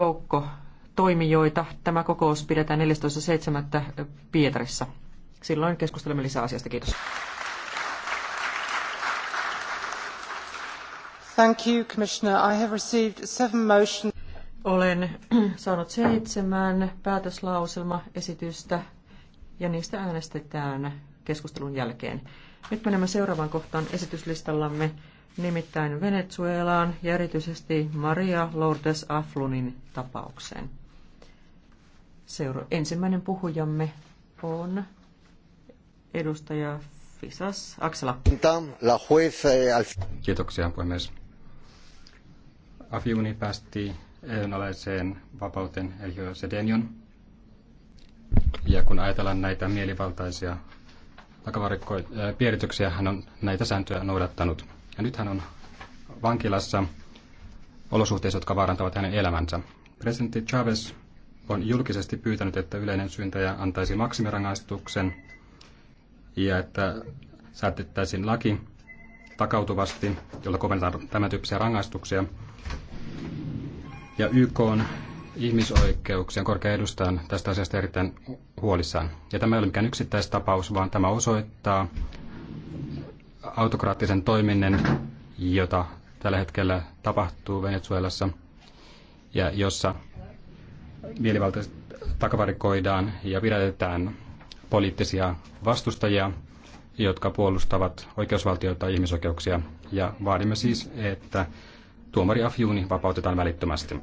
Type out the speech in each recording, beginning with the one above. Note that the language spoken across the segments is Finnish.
joukko toimijoita. Tämä kokous pidetään 14.7. Pietarissa. Silloin keskustelemme lisää asiasta. Kiitos. Thank you, Commissioner. I have received seven motion. Olen saanut seitsemän päätöslauselmaesitystä ja niistä äänestetään keskustelun jälkeen. Nyt menemme seuraavaan kohtaan esityslistallamme nimittäin Venezuelaan ja erityisesti Maria Lourdes Aflunin tapaukseen. Seura- ensimmäinen puhujamme on edustaja Fisas Aksela. Eh, Kiitoksia puhemies. Afiuni päästi ehdonalaiseen vapauteen Elio Sedenion. Ja kun ajatellaan näitä mielivaltaisia takavarikkoja, äh, piirityksiä, hän on näitä sääntöjä noudattanut. Ja nyt hän on vankilassa olosuhteissa, jotka vaarantavat hänen elämänsä. Presidentti Chavez on julkisesti pyytänyt, että yleinen syyntäjä antaisi maksimirangaistuksen ja että säätettäisiin laki takautuvasti, jolla kovennetaan tämän tyyppisiä rangaistuksia. Ja YK on ihmisoikeuksien korkea edustajan tästä asiasta erittäin huolissaan. Ja tämä ei ole mikään yksittäistapaus, vaan tämä osoittaa autokraattisen toiminnan, jota tällä hetkellä tapahtuu Venezuelassa ja jossa mielivalta takavarikoidaan ja pidätetään poliittisia vastustajia, jotka puolustavat oikeusvaltiota ja ihmisoikeuksia. Ja vaadimme siis, että tuomari Afjuni vapautetaan välittömästi.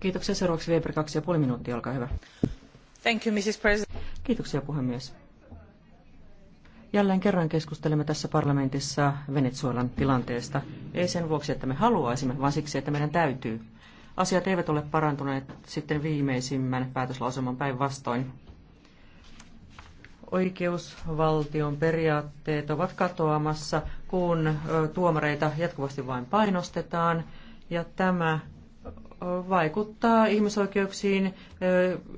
Kiitoksia. Seuraavaksi Weber, 2,5 minuuttia, olkaa hyvä. Thank you, Mrs. President. Kiitoksia puhemies. Jälleen kerran keskustelemme tässä parlamentissa Venezuelan tilanteesta. Ei sen vuoksi, että me haluaisimme, vaan siksi, että meidän täytyy. Asiat eivät ole parantuneet sitten viimeisimmän päätöslauselman päinvastoin. Oikeusvaltion periaatteet ovat katoamassa, kun tuomareita jatkuvasti vain painostetaan, ja tämä vaikuttaa ihmisoikeuksiin,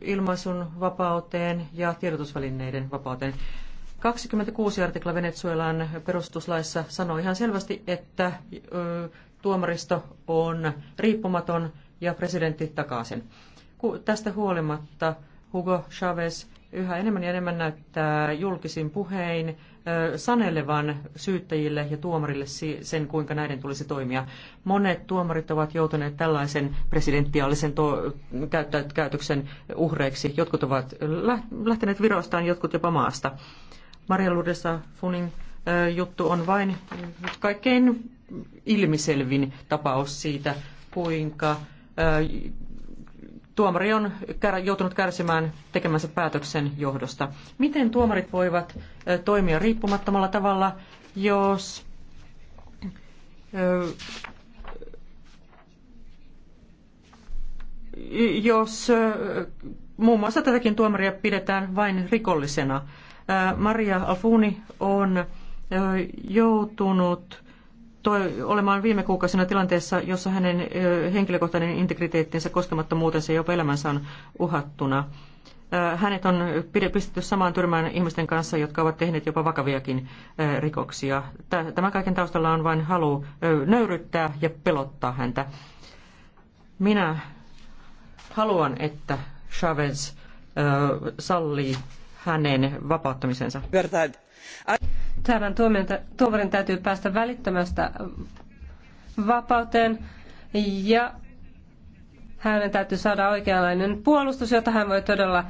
ilmaisun vapauteen ja tiedotusvälineiden vapauteen. 26 artikla Venezuelan perustuslaissa sanoo ihan selvästi, että tuomaristo on riippumaton ja presidentti takaa sen. Tästä huolimatta Hugo Chavez yhä enemmän ja enemmän näyttää julkisin puhein sanelevan syyttäjille ja tuomarille sen, kuinka näiden tulisi toimia. Monet tuomarit ovat joutuneet tällaisen presidentiaalisen to- käytöksen uhreiksi. Jotkut ovat lähteneet viroistaan, jotkut jopa maasta. Maria Lourdesa Funin juttu on vain kaikkein ilmiselvin tapaus siitä, kuinka tuomari on joutunut kärsimään tekemänsä päätöksen johdosta. Miten tuomarit voivat toimia riippumattomalla tavalla, jos jos muun muassa tätäkin tuomaria pidetään vain rikollisena. Maria Alfuni on joutunut toi, olemaan viime kuukausina tilanteessa, jossa hänen henkilökohtainen integriteettinsä koskemattomuutensa ja jopa elämänsä on uhattuna. Hänet on pistetty samaan tyrmään ihmisten kanssa, jotka ovat tehneet jopa vakaviakin rikoksia. Tämän kaiken taustalla on vain halu nöyryttää ja pelottaa häntä. Minä haluan, että Chavez sallii hänen vapauttamisensa. Tämän tuomarin täytyy päästä välittömästä vapauteen ja hänen täytyy saada oikeanlainen puolustus, jota hän voi todella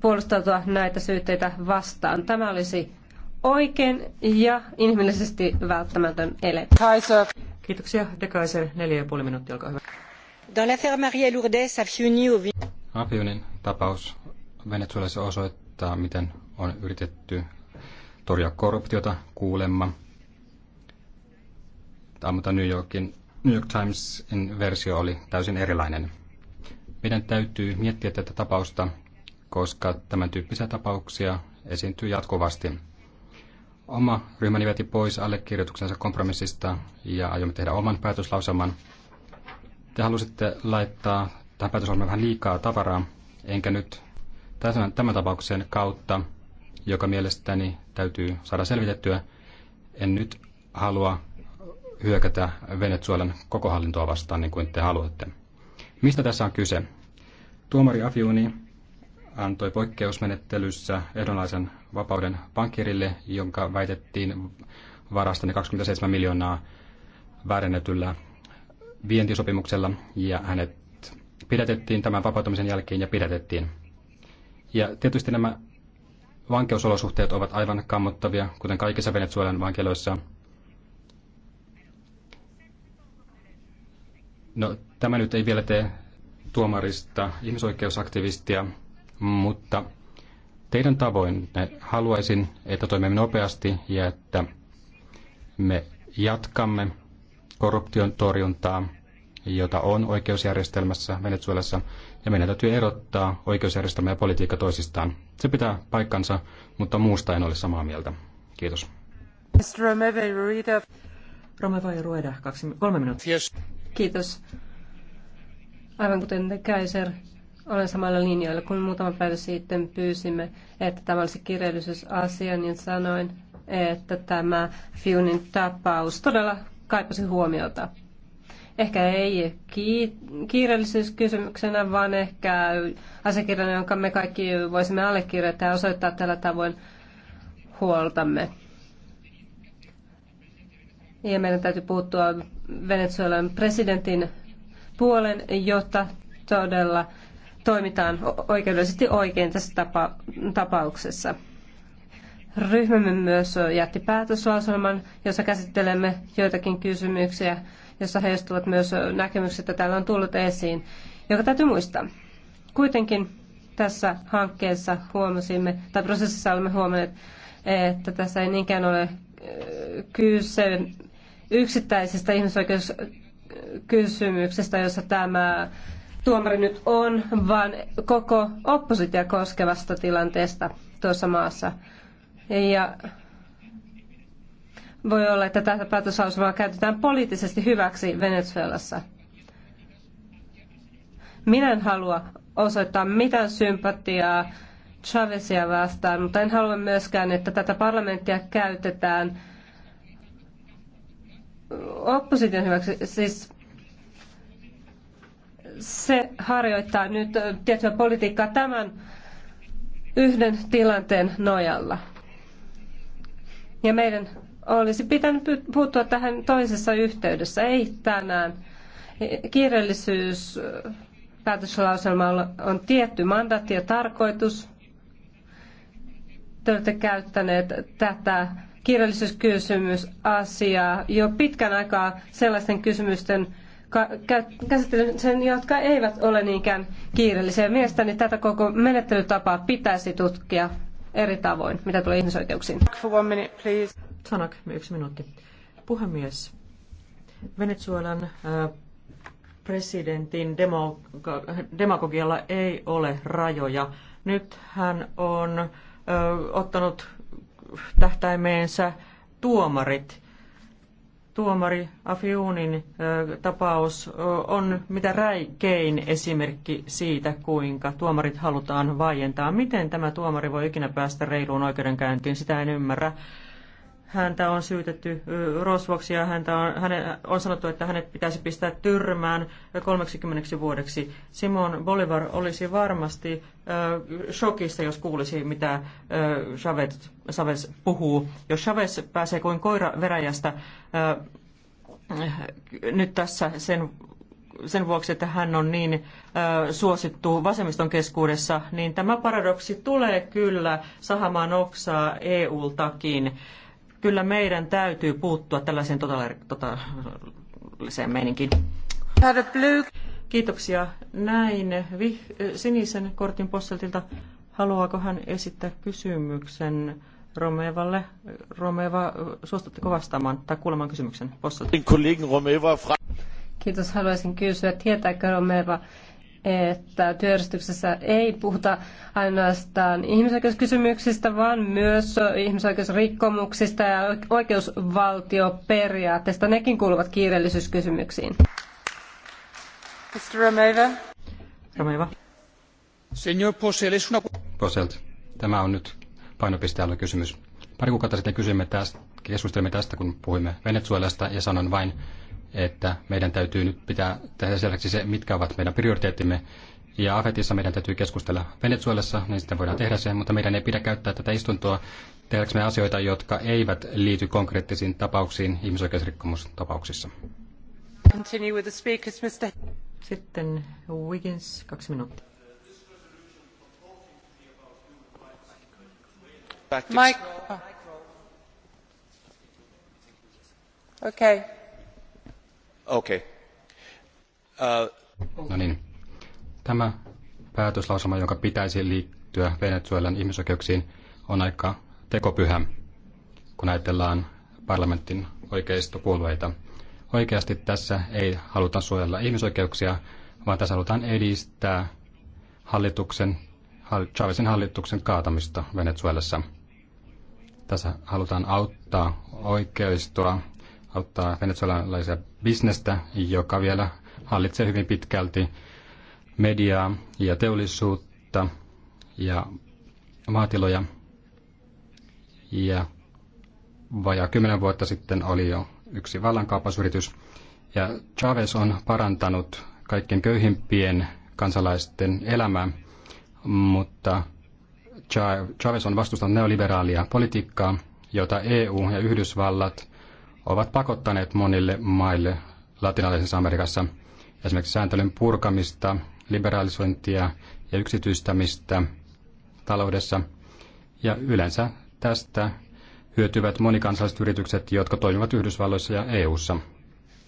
puolustautua näitä syytteitä vastaan. Tämä olisi oikein ja inhimillisesti välttämätön ele. Kiitoksia. Dekaiser, neljä ja puoli minuuttia, olkaa hyvä. Dans l'affaire Marie Lourdes Afiuni Afionin tapaus Venezuelassa osoittaa, osoittaa, miten on yritetty torjua korruptiota kuulemma. Mutta New, Yorkin, New York Timesin versio oli täysin erilainen. Meidän täytyy miettiä tätä tapausta, koska tämän tyyppisiä tapauksia esiintyy jatkuvasti. Oma ryhmäni veti pois allekirjoituksensa kompromissista ja aiomme tehdä oman päätöslauselman. Te halusitte laittaa tähän päätöslauselmaan vähän liikaa tavaraa, enkä nyt tämän, tämän tapauksen kautta, joka mielestäni täytyy saada selvitettyä, en nyt halua hyökätä Venezuelan koko hallintoa vastaan niin kuin te haluatte. Mistä tässä on kyse? Tuomari Afiuni antoi poikkeusmenettelyssä ehdonlaisen vapauden pankkirille, jonka väitettiin varastani 27 miljoonaa väärennetyllä vientisopimuksella ja hänet pidätettiin tämän vapautumisen jälkeen ja pidätettiin. Ja tietysti nämä vankeusolosuhteet ovat aivan kammottavia, kuten kaikissa Venezuelan vankiloissa. No, tämä nyt ei vielä tee tuomarista ihmisoikeusaktivistia, mutta teidän tavoin haluaisin, että toimimme nopeasti ja että me jatkamme korruption torjuntaa, jota on oikeusjärjestelmässä Venezuelassa, ja meidän täytyy erottaa oikeusjärjestelmä ja politiikka toisistaan. Se pitää paikkansa, mutta muusta en ole samaa mieltä. Kiitos. Rueda, kaksi, kolme minuuttia. Yes. Kiitos. Aivan kuten Kaiser, olen samalla linjoilla kuin muutama päivä sitten pyysimme, että tämä olisi kirjallisuusasia, niin sanoin, että tämä Fiunin tapaus todella kaipasi huomiota. Ehkä ei kiireellisyyskysymyksenä, vaan ehkä asiakirjana, jonka me kaikki voisimme allekirjoittaa ja osoittaa tällä tavoin huoltamme. Ja meidän täytyy puuttua Venezuelan presidentin puolen, jotta todella toimitaan oikeudellisesti oikein tässä tapa- tapauksessa. Ryhmämme myös jätti päätöslauselman, jossa käsittelemme joitakin kysymyksiä, jossa heistuvat myös näkemykset, että täällä on tullut esiin, joka täytyy muistaa. Kuitenkin tässä hankkeessa huomasimme, tai prosessissa olemme huomanneet, että tässä ei niinkään ole äh, kyse yksittäisistä ihmisoikeuskysymyksistä, jossa tämä tuomari nyt on, vaan koko oppositio koskevasta tilanteesta tuossa maassa. Ja voi olla, että tätä päätöslauselmaa käytetään poliittisesti hyväksi Venezuelassa. Minä en halua osoittaa mitään sympatiaa Chavezia vastaan, mutta en halua myöskään, että tätä parlamenttia käytetään opposition hyväksi. Siis se harjoittaa nyt tiettyä politiikkaa tämän yhden tilanteen nojalla. Ja meidän olisi pitänyt puuttua tähän toisessa yhteydessä, ei tänään. Kiireellisyys päätöslauselmalla on tietty mandaatti ja tarkoitus. Te olette käyttäneet tätä kiireellisyyskysymysasiaa jo pitkän aikaa sellaisten kysymysten käsittelyn, jotka eivät ole niinkään kiireellisiä. Mielestäni tätä koko menettelytapaa pitäisi tutkia eri tavoin, mitä tulee ihmisoikeuksiin. Sanak, yksi minuutti. Puhemies, Venezuelan äh, presidentin demagogialla ei ole rajoja. Nyt hän on äh, ottanut tähtäimeensä tuomarit. Tuomari Afiunin äh, tapaus on mitä räikein esimerkki siitä, kuinka tuomarit halutaan vaientaa. Miten tämä tuomari voi ikinä päästä reiluun oikeudenkäyntiin, sitä en ymmärrä. Häntä on syytetty rosvoksi ja häntä on, hänen, on sanottu, että hänet pitäisi pistää tyrmään 30 vuodeksi. Simon Bolivar olisi varmasti äh, shokissa, jos kuulisi, mitä äh, Chavez, Chavez puhuu. Jos Chavez pääsee kuin koira veräjästä äh, nyt tässä sen sen vuoksi, että hän on niin suosittu vasemmiston keskuudessa, niin tämä paradoksi tulee kyllä sahamaan oksaa EU-takin. Kyllä meidän täytyy puuttua tällaiseen totaaliseen meininkiin. Kiitoksia. Näin vih- sinisen kortin posseltilta. Haluaako hän esittää kysymyksen Romevalle? Romeva, suostutteko vastaamaan tai kuulemaan kysymyksen posseltilta? Kiitos. Haluaisin kysyä, tietääkö Romeva, että työjärjestyksessä ei puhuta ainoastaan ihmisoikeuskysymyksistä, vaan myös ihmisoikeusrikkomuksista ja oikeusvaltioperiaatteista. Nekin kuuluvat kiireellisyyskysymyksiin. Mr. Romeva. Romeva. Señor Posel, Poselt, tämä on nyt painopisteellä kysymys. Pari kuukautta sitten kysyimme tästä, keskustelimme tästä, kun puhuimme Venezuelasta, ja sanon vain, että meidän täytyy nyt pitää tehdä selväksi se, mitkä ovat meidän prioriteettimme. Ja Afetissa meidän täytyy keskustella Venezuelassa, niin sitten voidaan tehdä se, mutta meidän ei pidä käyttää tätä istuntoa tehdäksemme asioita, jotka eivät liity konkreettisiin tapauksiin ihmisoikeusrikkomustapauksissa. Continue with the speakers, Mr. Sitten Wiggins, kaksi minuuttia. Mike. Okay. Okay. Uh... No niin. Tämä päätöslausuma, jonka pitäisi liittyä Venezuelan ihmisoikeuksiin, on aika tekopyhä, kun ajatellaan parlamentin oikeistopuolueita. Oikeasti tässä ei haluta suojella ihmisoikeuksia, vaan tässä halutaan edistää hallituksen, Chavezin hallituksen kaatamista Venezuelassa. Tässä halutaan auttaa oikeistoa auttaa venezuelalaisia bisnestä, joka vielä hallitsee hyvin pitkälti mediaa ja teollisuutta ja maatiloja. Ja vajaa kymmenen vuotta sitten oli jo yksi vallankaupasyritys. Ja Chavez on parantanut kaikkien köyhimpien kansalaisten elämää, mutta Chavez on vastustanut neoliberaalia politiikkaa, jota EU ja Yhdysvallat ovat pakottaneet monille maille latinalaisessa Amerikassa esimerkiksi sääntelyn purkamista, liberalisointia ja yksityistämistä taloudessa. Ja yleensä tästä hyötyvät monikansalliset yritykset, jotka toimivat Yhdysvalloissa ja EU:ssa.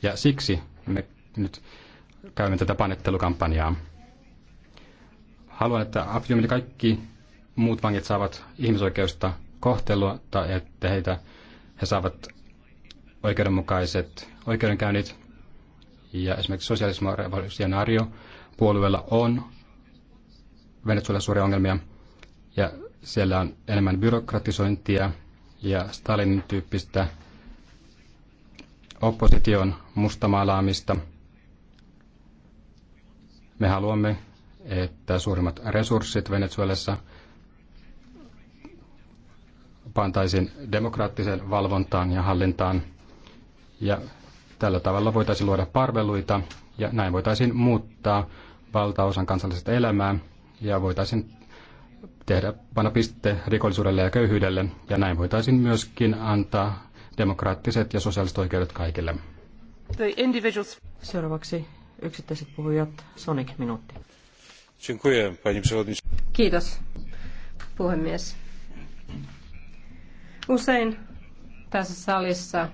Ja siksi me nyt käymme tätä panettelukampanjaa. Haluan, että Aptiumilla kaikki muut vangit saavat ihmisoikeusta kohtelua tai että heitä, he saavat oikeudenmukaiset oikeudenkäynnit. Ja esimerkiksi sosialismo revolutionario puolueella on venetsuilla suuria ongelmia ja siellä on enemmän byrokratisointia ja Stalinin tyyppistä opposition mustamaalaamista. Me haluamme, että suurimmat resurssit Venezuelassa pantaisiin demokraattiseen valvontaan ja hallintaan – ja tällä tavalla voitaisiin luoda parveluita ja näin voitaisiin muuttaa valtaosan kansallisesta elämää ja voitaisiin tehdä panna piste rikollisuudelle ja köyhyydelle ja näin voitaisiin myöskin antaa demokraattiset ja sosiaaliset oikeudet kaikille. Seuraavaksi yksittäiset puhujat. Sonic, minuutti. Kiitos, puhemies. Usein tässä salissa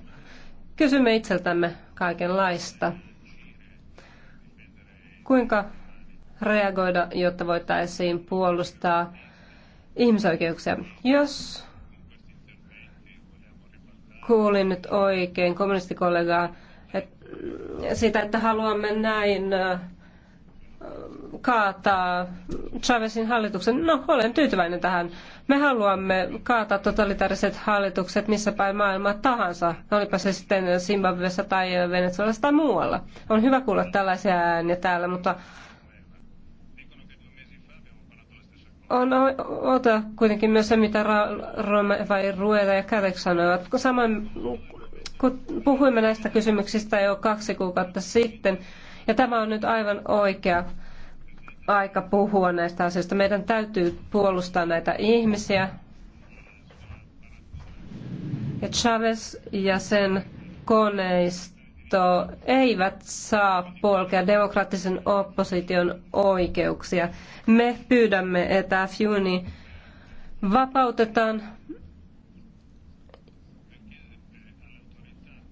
Kysymme itseltämme kaikenlaista. Kuinka reagoida, jotta voitaisiin puolustaa ihmisoikeuksia? Jos kuulin nyt oikein kommunistikollegaa, että sitä, että haluamme näin kaataa Chavezin hallituksen. No, olen tyytyväinen tähän. Me haluamme kaataa totalitaariset hallitukset missä päin maailmaa tahansa, olipa se sitten Zimbabwessa tai Venezuelassa tai muualla. On hyvä kuulla tällaisia ääniä täällä, mutta on ota kuitenkin myös se, mitä Rome vai Rueda ja Kadek sanoivat. Samoin kun puhuimme näistä kysymyksistä jo kaksi kuukautta sitten, ja tämä on nyt aivan oikea aika puhua näistä asioista. Meidän täytyy puolustaa näitä ihmisiä. Ja Chavez ja sen koneisto eivät saa polkea demokraattisen opposition oikeuksia. Me pyydämme, että Afjuni vapautetaan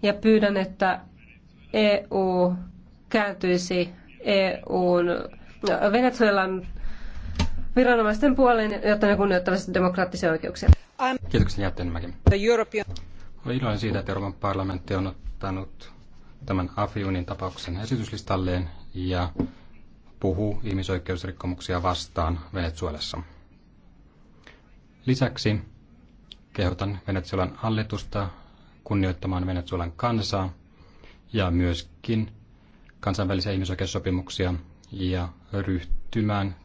ja pyydän, että EU kääntyisi EUn Venezuelan viranomaisten puoleen, jotta ne kunnioittavat demokraattisia oikeuksia. Kiitoksia, Jättenmäki. Olen iloinen siitä, että Euroopan parlamentti on ottanut tämän Afiunin tapauksen esityslistalleen ja puhuu ihmisoikeusrikkomuksia vastaan Venezuelassa. Lisäksi kehotan Venezuelan hallitusta kunnioittamaan Venezuelan kansaa ja myöskin kansainvälisiä ihmisoikeussopimuksia ja ryhtymään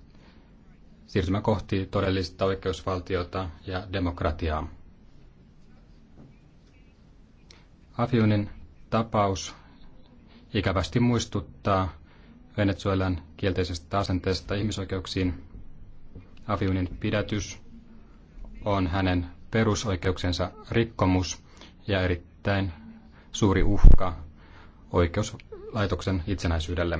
siirtymään kohti todellista oikeusvaltiota ja demokratiaa. Afiunin tapaus ikävästi muistuttaa Venezuelan kielteisestä asenteesta ihmisoikeuksiin. Afiunin pidätys on hänen perusoikeuksensa rikkomus ja erittäin suuri uhka oikeuslaitoksen itsenäisyydelle.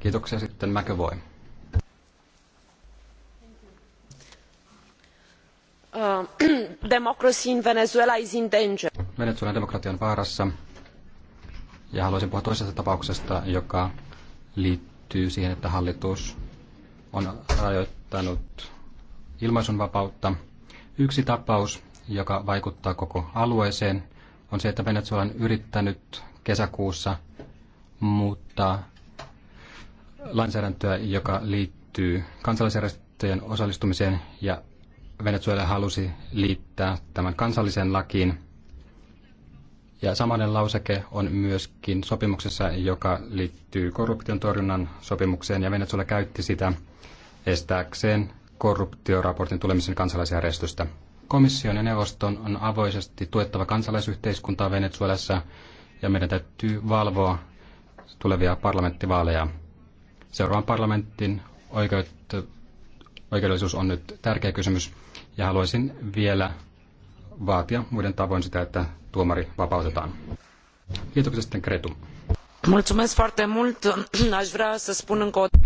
Kiitoksia sitten McAvoy. Uh, democracy in Venezuela is in danger. Venezuelan demokratia on vaarassa. Ja haluaisin puhua toisesta tapauksesta, joka liittyy siihen, että hallitus on rajoittanut ilmaisunvapautta. Yksi tapaus, joka vaikuttaa koko alueeseen, on se, että Venezuela on yrittänyt kesäkuussa muuttaa lainsäädäntöä, joka liittyy kansallisjärjestöjen osallistumiseen ja Venezuela halusi liittää tämän kansalliseen lakiin. Ja samainen lauseke on myöskin sopimuksessa, joka liittyy korruption torjunnan sopimukseen, ja Venezuela käytti sitä estääkseen korruptioraportin tulemisen kansalaisjärjestöstä. Komission ja neuvoston on avoisesti tuettava kansalaisyhteiskuntaa Venezuelassa, ja meidän täytyy valvoa tulevia parlamenttivaaleja. Seuraavan parlamentin oikeudellisuus on nyt tärkeä kysymys ja haluaisin vielä vaatia muiden tavoin sitä, että tuomari vapautetaan. Kiitoksia sitten Kretu.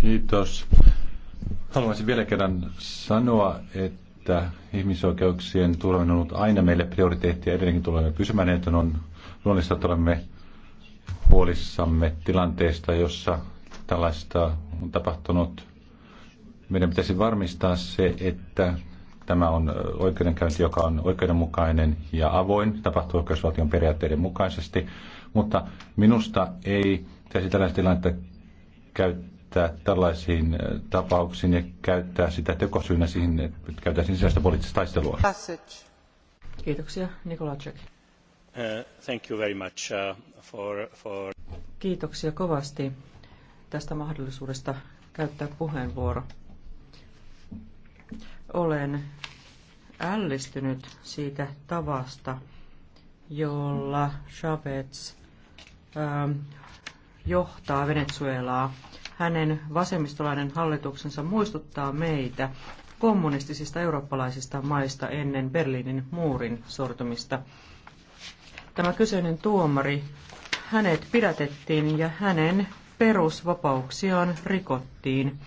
Kiitos. Haluaisin vielä kerran sanoa, että ihmisoikeuksien tuleminen on ollut aina meille prioriteetti ja edelleenkin tulemme pysymään, että on luonnollista, että olemme huolissamme tilanteesta, jossa tällaista on tapahtunut. Meidän pitäisi varmistaa se, että tämä on oikeudenkäynti, joka on oikeudenmukainen ja avoin, tapahtuu oikeusvaltion periaatteiden mukaisesti. Mutta minusta ei pitäisi tällaista tilannetta käyttää tällaisiin äh, tapauksiin ja käyttää sitä tekosyynä siihen, että käytäisiin sisäistä poliittista taistelua. Kiitoksia. Nikola Czech. Uh, thank you very much uh, for, for... Kiitoksia kovasti tästä mahdollisuudesta käyttää puheenvuoro. Olen ällistynyt siitä tavasta, jolla Chavez ähm, johtaa Venezuelaa. Hänen vasemmistolainen hallituksensa muistuttaa meitä kommunistisista eurooppalaisista maista ennen Berliinin muurin sortumista. Tämä kyseinen tuomari, hänet pidätettiin ja hänen perusvapauksiaan rikottiin.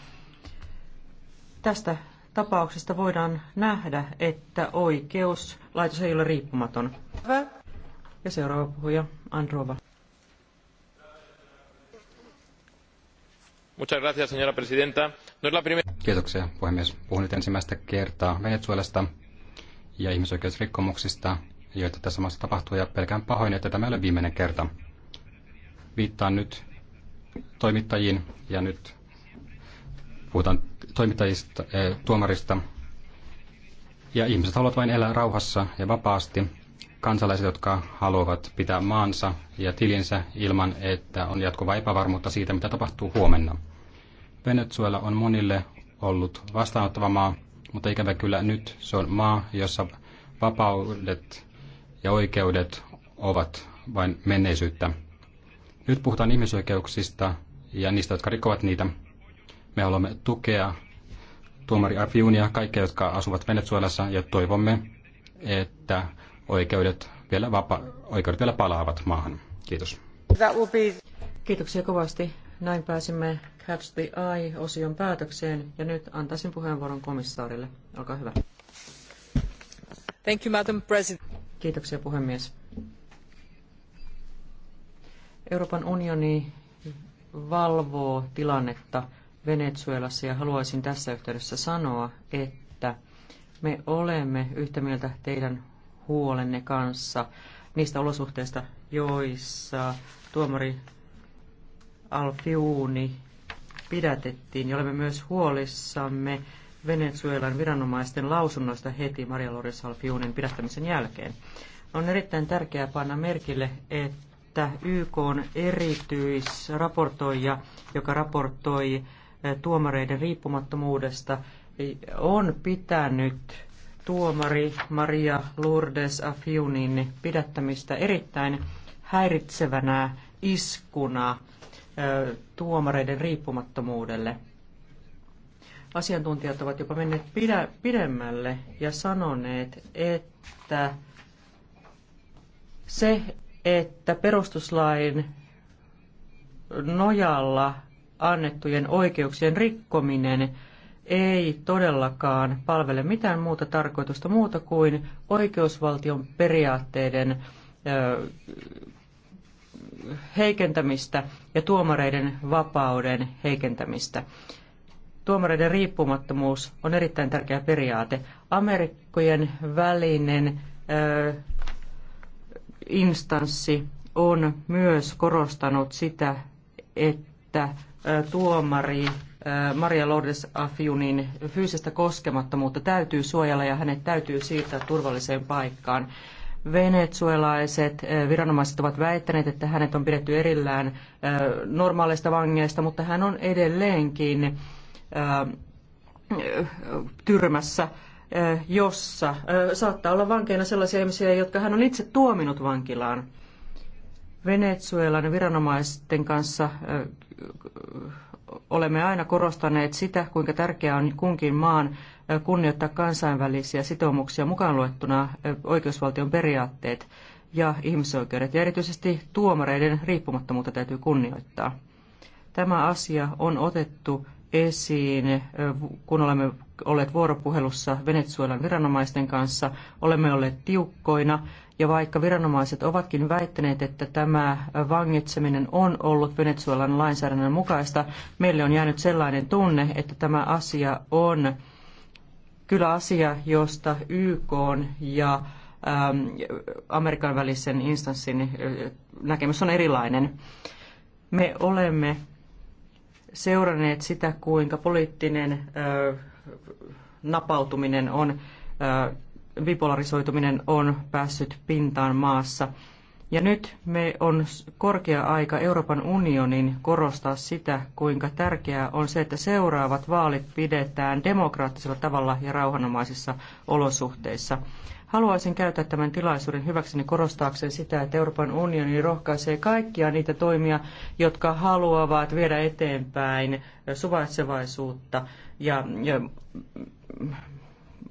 Tästä tapauksesta voidaan nähdä, että oikeuslaitos ei ole riippumaton. Ja seuraava puhuja, Androva. señora presidenta. No es la primera... Kiitoksia, puhemies. Puhun nyt ensimmäistä kertaa Venezuelasta ja ihmisoikeusrikkomuksista, joita tässä maassa tapahtuu, ja pelkään pahoin, että tämä ei ole viimeinen kerta. Viittaan nyt toimittajiin ja nyt puhutaan toimittajista, eh, tuomarista. Ja ihmiset haluavat vain elää rauhassa ja vapaasti. Kansalaiset, jotka haluavat pitää maansa ja tilinsä ilman, että on jatkuvaa epävarmuutta siitä, mitä tapahtuu huomenna. Venezuela on monille ollut vastaanottava maa, mutta ikävä kyllä nyt se on maa, jossa vapaudet ja oikeudet ovat vain menneisyyttä. Nyt puhutaan ihmisoikeuksista ja niistä, jotka rikovat niitä. Me haluamme tukea tuomari Arfiunia, kaikkia, jotka asuvat Venezuelassa, ja toivomme, että oikeudet vielä, vapa- oikeudet vielä palaavat maahan. Kiitos. Kiitoksia kovasti. Näin pääsimme Catch the Eye-osion päätökseen, ja nyt antaisin puheenvuoron komissaarille. Olkaa hyvä. Thank you, Madam President. Kiitoksia puhemies. Euroopan unioni valvoo tilannetta Venezuelassa ja haluaisin tässä yhteydessä sanoa, että me olemme yhtä mieltä teidän huolenne kanssa niistä olosuhteista, joissa tuomari Alfiuni pidätettiin ja olemme myös huolissamme Venezuelan viranomaisten lausunnoista heti Maria Loris Alfiunin pidättämisen jälkeen. On erittäin tärkeää panna merkille, että että YK on erityisraportoija, joka raportoi eh, tuomareiden riippumattomuudesta, eh, on pitänyt tuomari Maria Lourdes Afiunin pidättämistä erittäin häiritsevänä iskuna eh, tuomareiden riippumattomuudelle. Asiantuntijat ovat jopa menneet pidä, pidemmälle ja sanoneet, että se, että perustuslain nojalla annettujen oikeuksien rikkominen ei todellakaan palvele mitään muuta tarkoitusta muuta kuin oikeusvaltion periaatteiden heikentämistä ja tuomareiden vapauden heikentämistä. Tuomareiden riippumattomuus on erittäin tärkeä periaate. Amerikkojen välinen instanssi on myös korostanut sitä, että tuomari Maria Lourdes Afjunin fyysistä koskemattomuutta täytyy suojella ja hänet täytyy siirtää turvalliseen paikkaan. Venezuelaiset viranomaiset ovat väittäneet, että hänet on pidetty erillään normaaleista vangeista, mutta hän on edelleenkin tyrmässä jossa saattaa olla vankeina sellaisia ihmisiä, jotka hän on itse tuominut vankilaan. Venezuelan viranomaisten kanssa olemme aina korostaneet sitä, kuinka tärkeää on kunkin maan kunnioittaa kansainvälisiä sitoumuksia mukaan luettuna oikeusvaltion periaatteet ja ihmisoikeudet, ja erityisesti tuomareiden riippumattomuutta täytyy kunnioittaa. Tämä asia on otettu esiin, kun olemme olleet vuoropuhelussa Venezuelan viranomaisten kanssa. Olemme olleet tiukkoina ja vaikka viranomaiset ovatkin väittäneet, että tämä vangitseminen on ollut Venezuelan lainsäädännön mukaista, meille on jäänyt sellainen tunne, että tämä asia on kyllä asia, josta YK ja Amerikan välisen instanssin näkemys on erilainen. Me olemme seuranneet sitä, kuinka poliittinen napautuminen on, bipolarisoituminen on päässyt pintaan maassa. Ja nyt me on korkea aika Euroopan unionin korostaa sitä, kuinka tärkeää on se, että seuraavat vaalit pidetään demokraattisella tavalla ja rauhanomaisissa olosuhteissa. Haluaisin käyttää tämän tilaisuuden hyväkseni korostaakseen sitä, että Euroopan unioni rohkaisee kaikkia niitä toimia, jotka haluavat viedä eteenpäin suvaitsevaisuutta ja, ja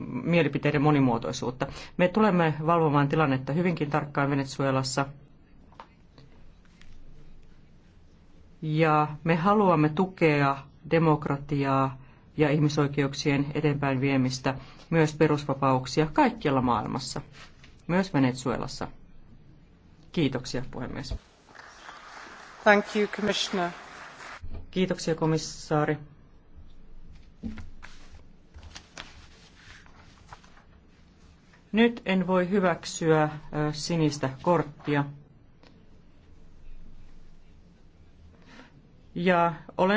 mielipiteiden monimuotoisuutta. Me tulemme valvomaan tilannetta hyvinkin tarkkaan Venezuelassa. Ja me haluamme tukea demokratiaa ja ihmisoikeuksien eteenpäin viemistä, myös perusvapauksia kaikkialla maailmassa, myös Venezuelassa. Kiitoksia, puhemies. Thank you, Commissioner. Kiitoksia, komissaari. Nyt en voi hyväksyä sinistä korttia. Ja olen